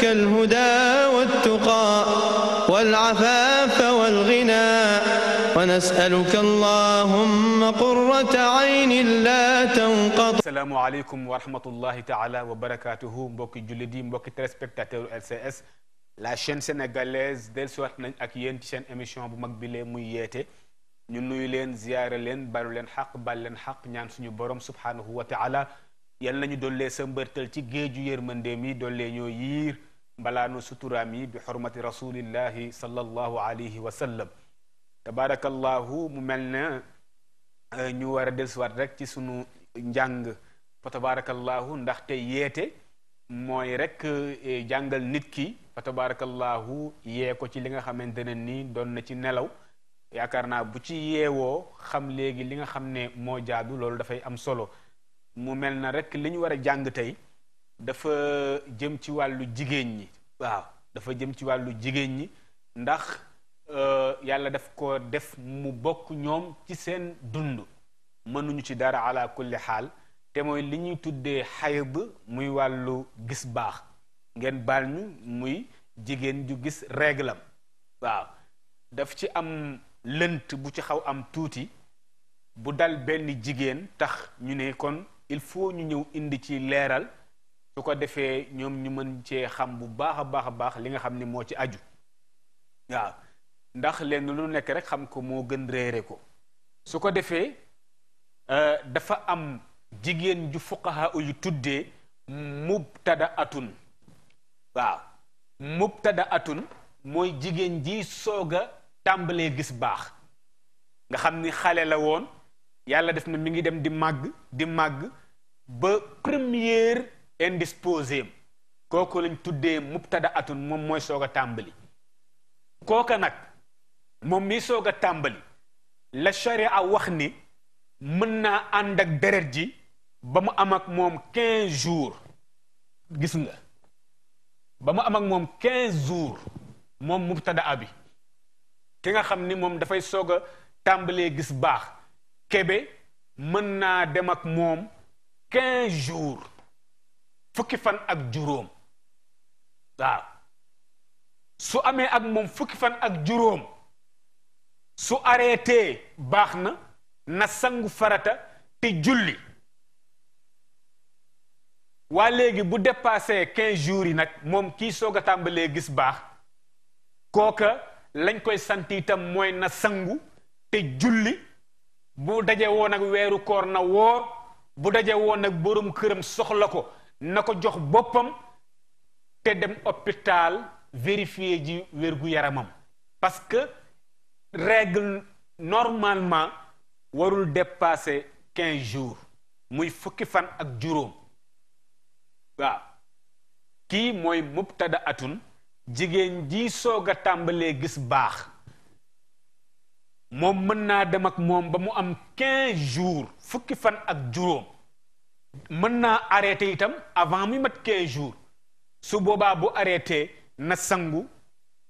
لك الهدى والتقى والعفاف والغنى ونسألك اللهم قرة عين لا تنقض asalaamaaleykum wa rahmatullahi taala wa barakaatuhu mbokki jullit yi mbokki téléspectateur LCS la chaîne sénégalaise dellusiwaat nañ ak yéen ci seen émission bu mag bi lee muy yeete ñu nuyu leen ziyaare leen balu leen xaq bal leen xaq ñaan suñu borom subhaanahu wa taala yal nañu dollee sa mbërtal ci géeju yërmandeem yi dollee ñoo yiir mbalaanu suturaam yi bi xormati rasulillahi sallallahu alayhi wa sallam tabaarakallahu mu mel na euh, ñu war a dellusiwaat rek ci sunu njàng fa tabaarakallahu ndaxte yeete mooy rek euh, jàngal nit ki fa tabaarakallahu yee ko ci li nga xamante ne nii doon na ci nelaw yaakaar naa bu ci yeewoo xam léegi li nga xam ne moo jaadu loolu dafay am solo mu mel na rek li ñu war a jàng tey dafa jëm ci wàllu jigéen ñi waaw dafa jëm ci wàllu jigéen ñi ndax euh, yàlla daf ko def mu bokk ñoom ci seen dund mënuñu ci dara ala xaal te mooy li ñuy tuddee xayd muy wàllu gis baax ngeen baal ñu muy jigéen ju gis réglam waaw daf ci am lënt bu ci xaw am tuuti bu dal benn jigéen tax ñu ne kon il faut ñu ñëw indi ci leeral su ko defee ñoom ñu mën cee xam bu baax a baax a baax li nga xam ni moo ci aju waaw ndax leen lu nekk rek xam ko moo gën réere ko su ko defee euh, dafa am jigéen ju fuqaha yu tuddee mubtada atun waaw mubtada atun mooy jigéen ji soog a tàmbalee gis baax nga xam ni xale la woon yàlla def na mu ngi dem di màgg di màgg ba première indisposé kooku lañ tuddee mubtada atun moom mooy soog a tàmbali kooka nag moom mi soog a tàmbali la sharia wax ni mën naa ànd ak deret ji ba mu am ak moom jours gis nga ba mu am ak moom quinze jours moom mubtada bi ki nga xam ni moom dafay soog a tàmbalee gis baax kebe mën naa dem ak moom quinze jours fukki fan ak juróom waaw su amee ak moom fukki fan ak juróom su areetee baax na na sangu farata te julli waa léegi bu dépassé quinze jours yi nag moom kii soog a tàmbalee gis baax kooka lañ koy sant itam mooy na sangu te julli bu daje woon ak weeru koor na woor bu daje woon ak borom këram soxla ko na ko jox boppam te dem hôpital vérifier ji wér-gu-yaramam parce que règle normalement warul dépasser quinze jours muy fukki fan ak juróom waaw kii mooy mubtada atun jigéen ji soog a tàmbalee gis baax moom mën naa dem ak moom ba mu am quinze jours fukki fan ak juróom mën naa arrêté itam avant muy mat 15 jours su boobaa bu arreté na sangu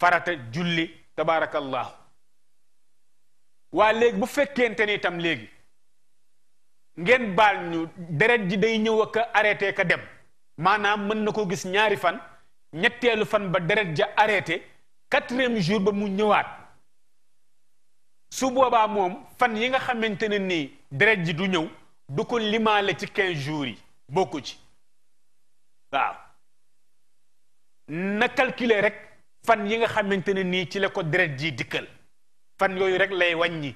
farata julli tabaarakallahu waa léegi bu fekkente ni itam léegi ngeen baal ñu deret ji day ñëw ak arrêté ka dem maanaam mën na koo gis ñaari fan ñetteelu fan ba deret ja arrêté quatrième jour ba mu ñëwaat su boobaa moom fan yi nga xamante ne nii deret ji du ñëw du ko limaale ci quinze jours yi bokku ci waaw na calculer rek fan yi nga xamante ne nii ci la ko deret ji dikkal fan yooyu rek lay wàññi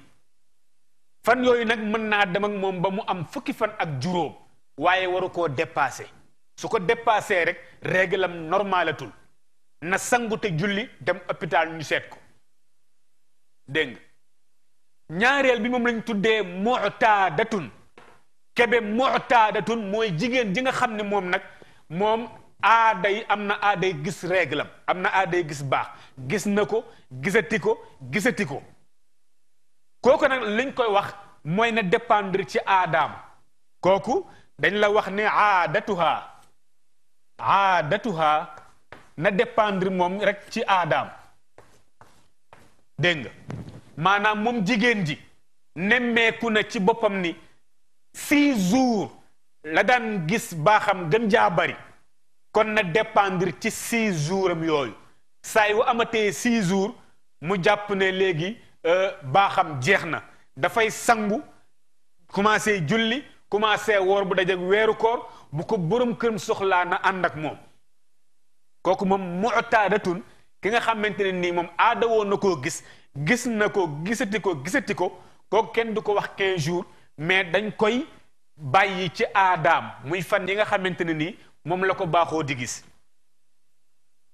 fan yooyu nag mën naa dem ak moom ba mu am fukki fan ak juróom waaye waru koo dépassé su ko dépassé rek réglam normalatul na sangute julli dem hôpital ñu seet ko dégg nga ñaareel bi moom lañ tuddee mu'tadatun kebe mu'taadatun mooy jigéen ji nga xam ne moom nag moom aaday am na aaday gis réglam am na aaday gis baax gis na ko gisati ko gisati ko kooku nag liñ koy wax mooy na dépendre ci aadaam kooku dañ la wax ni aadatuha aadatuha na dépendre moom rek ci aadaam dégg nga maanaam moom jigéen ji nemmeeku na ci boppam ni six jours la daan gis baaxam gën jaa bari kon na dépendre ci six jour am yooyu saa yu amatee six jours mu jàpp ne léegi euh, baaxam jeex na dafay sangu commencé julli commencé wor bu dajeeg weeru koor bu ko borom këram soxlaa na ànd ak moom kooku moom mu'taadatun ki nga xamante ne nii moom aada woon na koo gis gis na ko gisati ko gisati ko kooku kenn du ko wax quinze jours mais dañ koy bàyyi ci aadaam muy fan yi nga xamante ne ni moom la ko baaxoo di gis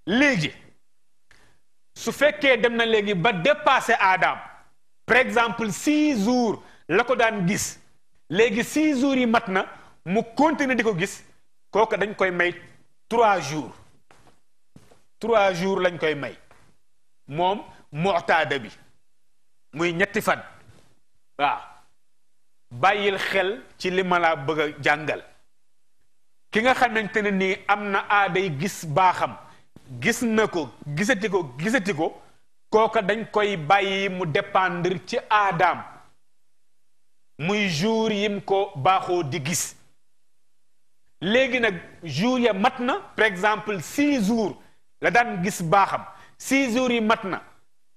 léegi su fekkee dem na léegi ba dépassé aadaam par exemple six jours la ko daan gis léegi six jours yi mat na mu continuer di ko gis kooku dañ koy may trois jours trois jours lañ koy may moom moxtaada bi muy ñetti fan waaw bàyyil xel ci li ma laa bëgg jàngal ki nga xamante ne nii am na aaday gis baaxam gis na ko gisati ko gisati ko kooka dañ koy bàyyi mu dépendre ci aadaam muy jour yim ko baaxoo di gis léegi nag jour ya mat na par exemple six jours la daan gis baaxam six jours yi mat na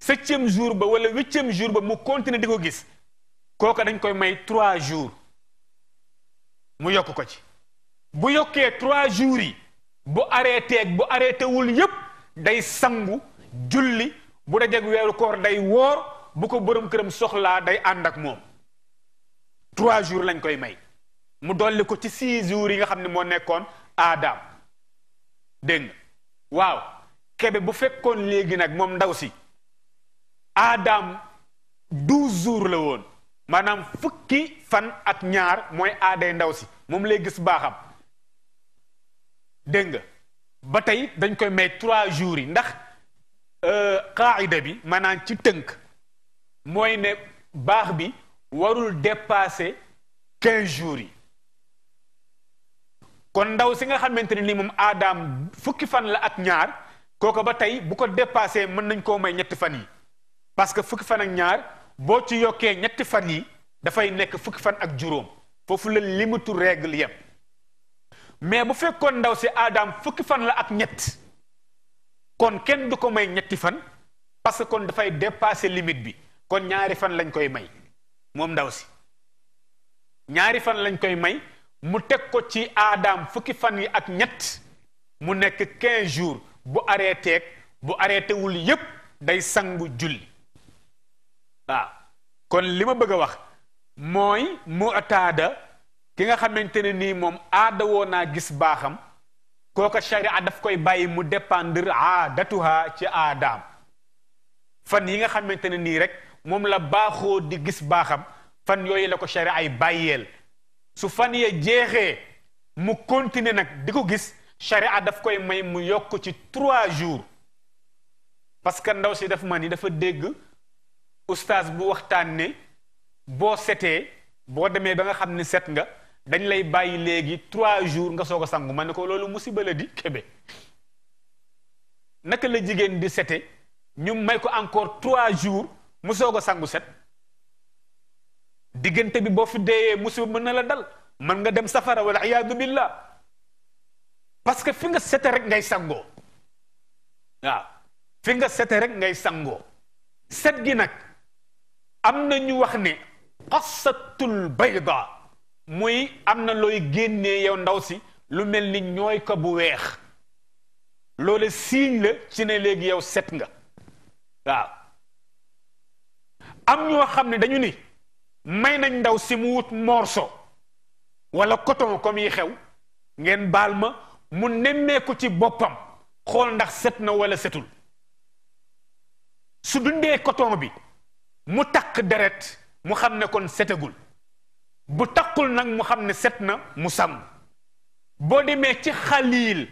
septième jour ba wala huitième jour ba mu continuer di ko gis kooka dañ koy may trois jours mu yokk ko ci bu yokkee trois jours yi bu arrêté ak bu arrêté wul yépp day sangu julli bu jeg weeru koor day woor bu ko boroom këram soxlaa day ànd ak moom trois jours lañ koy may mu dolli ko ci six jours yi nga xam ne moo nekkoon aadaam dégg waaw kebe bu fekkoon léegi nag moom ndaw si aadaam douze jours la woon maanaam fukki fan ak ñaar mooy aaday ndaw si moom lay gis baaxam dégg nga ba tey dañ koy may trois jours yi ndax euh, qaayida bi maanaam ci tënk mooy ne baax bi warul dépasser quinze jours yi kon ndaw si nga xamante ne nii moom aadaam fukki fan la ak ñaar kooku ba tey bu ko dépassé mën nañ koo may ñetti fan yi parce que fukki fan ak ñaar boo ci yokkee ñetti fan yi dafay nekk fukki fan ak juróom foofu la limitu règle yem mais bu fekkoon ndaw si aadaam fukki fan la ak ñett kon kenn du ko may ñetti fan parce que kon dafay dépasser limite bi kon ñaari fan lañ koy may moom ndaw si ñaari fan lañ koy may mu teg ko ci aadaam fukki fan yi ak ñett mu nekk quinze jours bu arrêté bu arrêté wul yépp day sangu julli waaw kon li ma bëgg wax mooy mu ataada ki nga xamante ne nii moom aada woo naa gis baaxam kooka sharia daf koy bàyyi mu dépendre aadatuha ci aadaam fan yi nga xamante ne nii rek moom la baaxoo di gis baaxam fan yooyu la ko sharia ay bàyyeel su fan ya jeexee mu continuer nag di ko gis sharia daf koy may mu yokk ci trois jours parce que ndaw si daf ma ni dafa dégg ustaas bu waxtaan ne boo setee boo demee ba nga xam ne set nga dañ lay bàyyi léegi trois jours nga soog a sangu ma ne ko loolu musiba la di kebe naka la jigéen di sete ñu may ko encore trois jours mu soog a sangu set diggante bi boo fi deeyee musiba mën na la dal mën nga dem safara wala iyaadu billah parce que fi nga sete rek ngay sangoo waaw fi nga setee rek ngay sangoo set gi nag am na ñu wax ne xasatul bayda muy am na looy génnee yow ndaw si lu mel ni ñooy ko bu weex loole siiñ la ci ne léegi yow set nga waaw am ñoo xam ne dañu ni may nañ ndaw si mu wut morso wala coton comme yi xew ngeen baal ma mu nemmeeku ci boppam xool ndax set na wala setul su dundee coton bi mu takk deret mu xam ne kon setagul bu takkul nag mu xam ne set na mu sàmm boo demee ci xaliil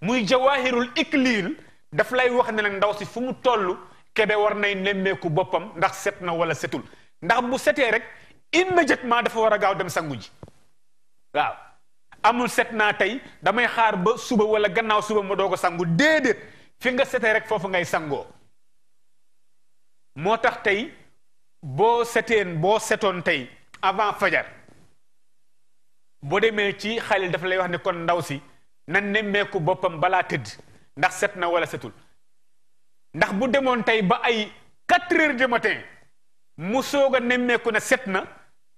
muy jawaahirul ikliil daf lay wax ne nag ndaw si fu mu toll kebe war nay nemmeeku boppam ndax set na wala setul ndax mu setee rek immédiatement dafa war a gaaw dem sangu ji waaw amul set naa tey damay xaar ba suba wala gannaaw suba ma doog a sangu déedéet fi nga setee rek foofu ngay sangoo moo tax tey boo seteen boo setoon tey avant fajar boo demee ci xalil dafa lay wax ne kon ndaw si na nemmeeku boppam balaa tëdd ndax set na wala setul ndax bu demoon tey ba ay quatre heures du matin mu soog a nemmeeku na set na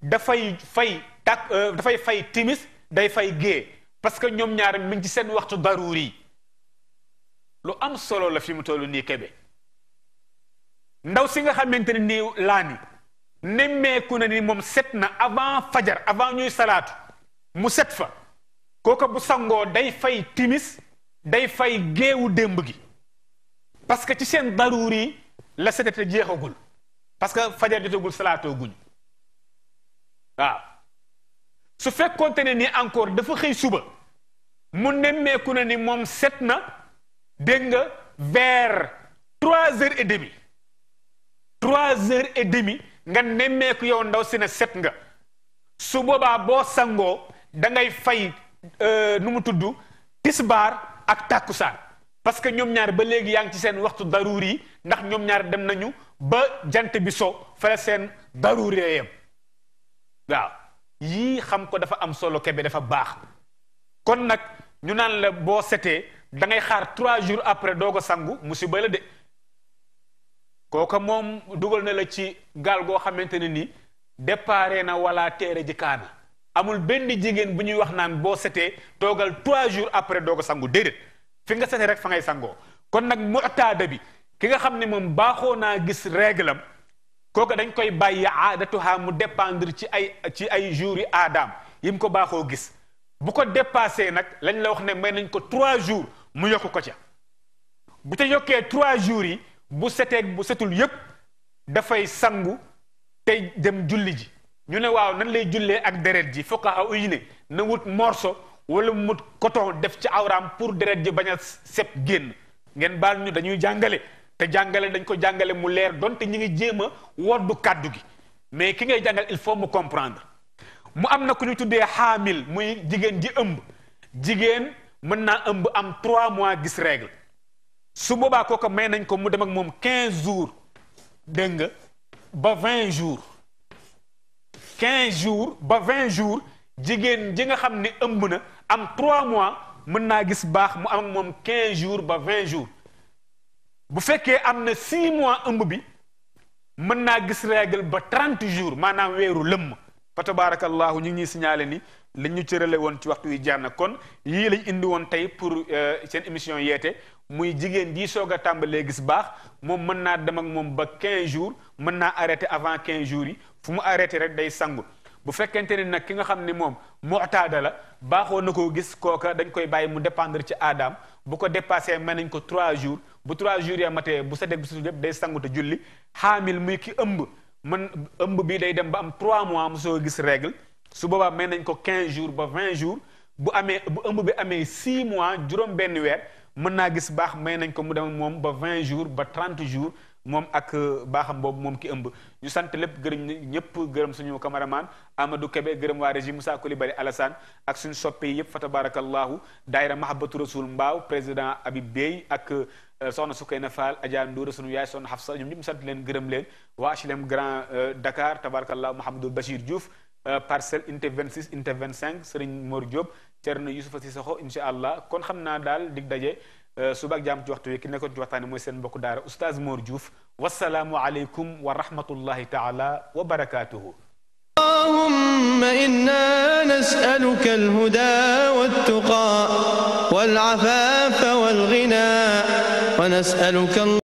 dafay fay tak euh, dafay fay timis day fay gée parce que ñoom ñaar mi ci seen waxtu daruuri lu am solo la fi mu tollu nii kebe ndaw si nga xamante ne nii laani nemmeeku na ni moom set na avant fajar avant ñuy salaat mu set fa kooka bu sangoo day fay timis day fay géewu démb gi parce que ci seen daruur yi la setete jeexagul parce que fajar jotagul salaatooguñu guñ waaw su fekkoonte ne ni encore dafa xëy suba mu nemmeeku na ni moom set na dégg nga vers trois heures et demie trois heures et demie nga nemmeeku yow ndaw si ne set nga su boobaa boo sangoo da ngay fay euh, nu mu tudd tisbaar ak tàkkusaan parce que ñoom ñaar ba léegi yaa ngi ci seen waxtu daruur yi ndax ñoom ñaar dem nañu ba jant bi so fala seen daruur yam waaw yii xam ko dafa am solo kebe dafa baax kon nag ñu naan la boo setee da ngay xaar trois jours après doo ko sangu musiba la de kooka moom dugal na la ci gaal goo xamante ne ni déparé na wala teere ji amul benn jigéen bu ñuy wax naan boo setee toogal trois jours après doog sangu déedéet fi nga setee rek fa ngay sangoo kon nag mutaada bi ki nga xam ne moom baaxoo naa gis réglam kooka dañ koy bàyyi aadatuha mu dépendre ci ay ci ay jours aadaam yim ko baaxoo gis bu ko dépassé nag lañ la wax ne may nañ ko trois jours mu yokk ko ca bu ca yokkee trois jours yi bu seteeg bu setul yépp dafay sangu te dem julli ji ñu ne waaw nan lay jullee ak deret ji fuqaha uy ne na wut morso wala mu mut coton def ci awraam pour deret ji bañ a sep génn ngeen baal ñu dañuy jàngale te jàngale dañ ko jàngale mu leer donte ñu ngi jéem a woddu kàddu gi mais ki ngay jàngal il faut mu comprendre mu am na ku ñu tuddee xaamil muy jigéen ji ëmb jigéen mën naa ëmb am trois mois gis règle su boobaa kooka may nañ ko mu dem ak moom 15 jours dégg nga ba 20 jours 15 jours ba 20 jours jigéen ji nga xam ni ëmb na am trois mois mën naa gis baax mu am moom 15 jours ba 20 jours bu fekkee am na 6 mois ëmb bi mën naa gis règle ba 30 jours maanaam weeru lëmm fa tabaarakallaahu ñu ngi siñaale signalé ni la ñu cërale woon ci waxtu wi jaan na kon yii lañ indi woon tey pour euh, seen émission yeete. muy jigéen ji soog a tàmbalee gis baax moom mën naa dem ak moom ba 15 jours mën naa arrêté avant quinze jours yi fu mu arrêté rek day sangu bu fekkente ne nag ki nga xam ni moom mu'taada la baaxoo na koo gis kooka dañ koy bàyyi mu dépendre ci aadaam bu ko dépassé may nañ ko trois jours bu 3 jours ya bu sa deg bu day sangu te julli xaamil muy ki ëmb man ëmb bi day dem ba am 3 mois mu gis règle su boobaa may nañ ko 15 jours ba 20 jours bu amee bu ëmb bi amee 6 mois juróom benn weer mën naa gis baax may nañ ko mu dem moom ba vingt jours ba trente jours moom ak euh, baaxam boobu moom ki ëmb ñu sant lépp gërëm ñëpp gërëm suñu camaraman Amadou Kébé gërëm waa régie Moussa Coulibaly Alassane ak suñu soppe yëpp fa tabarakallahu daayira mahabatu rasul mbaaw président Habib Bey ak euh, soxna Sukayna Fall Adja Ndoura suñu yaay soxna Hafsa ñoom ñëpp ñu sant leen gërëm leen waa HLM Grand euh, Dakar tabarakallahu Mouhamadou Bachir Diouf Euh, parcelle unité 26 unité 25 Serigne Mor Diop Thierno Youssoufa Sissoko incha allah kon xam naa daal dig daje euh, suba ak jàmm ci waxtu wi ki nekkoon ci waxtaane mooy seen mbokku daara oustaz Mor Diouf wasalaamu aleykum wa rahmatullahi taala wa barakaatuhu. اللهم إنا نسألك الهدى والتقى والعفاف والغنى ونسألك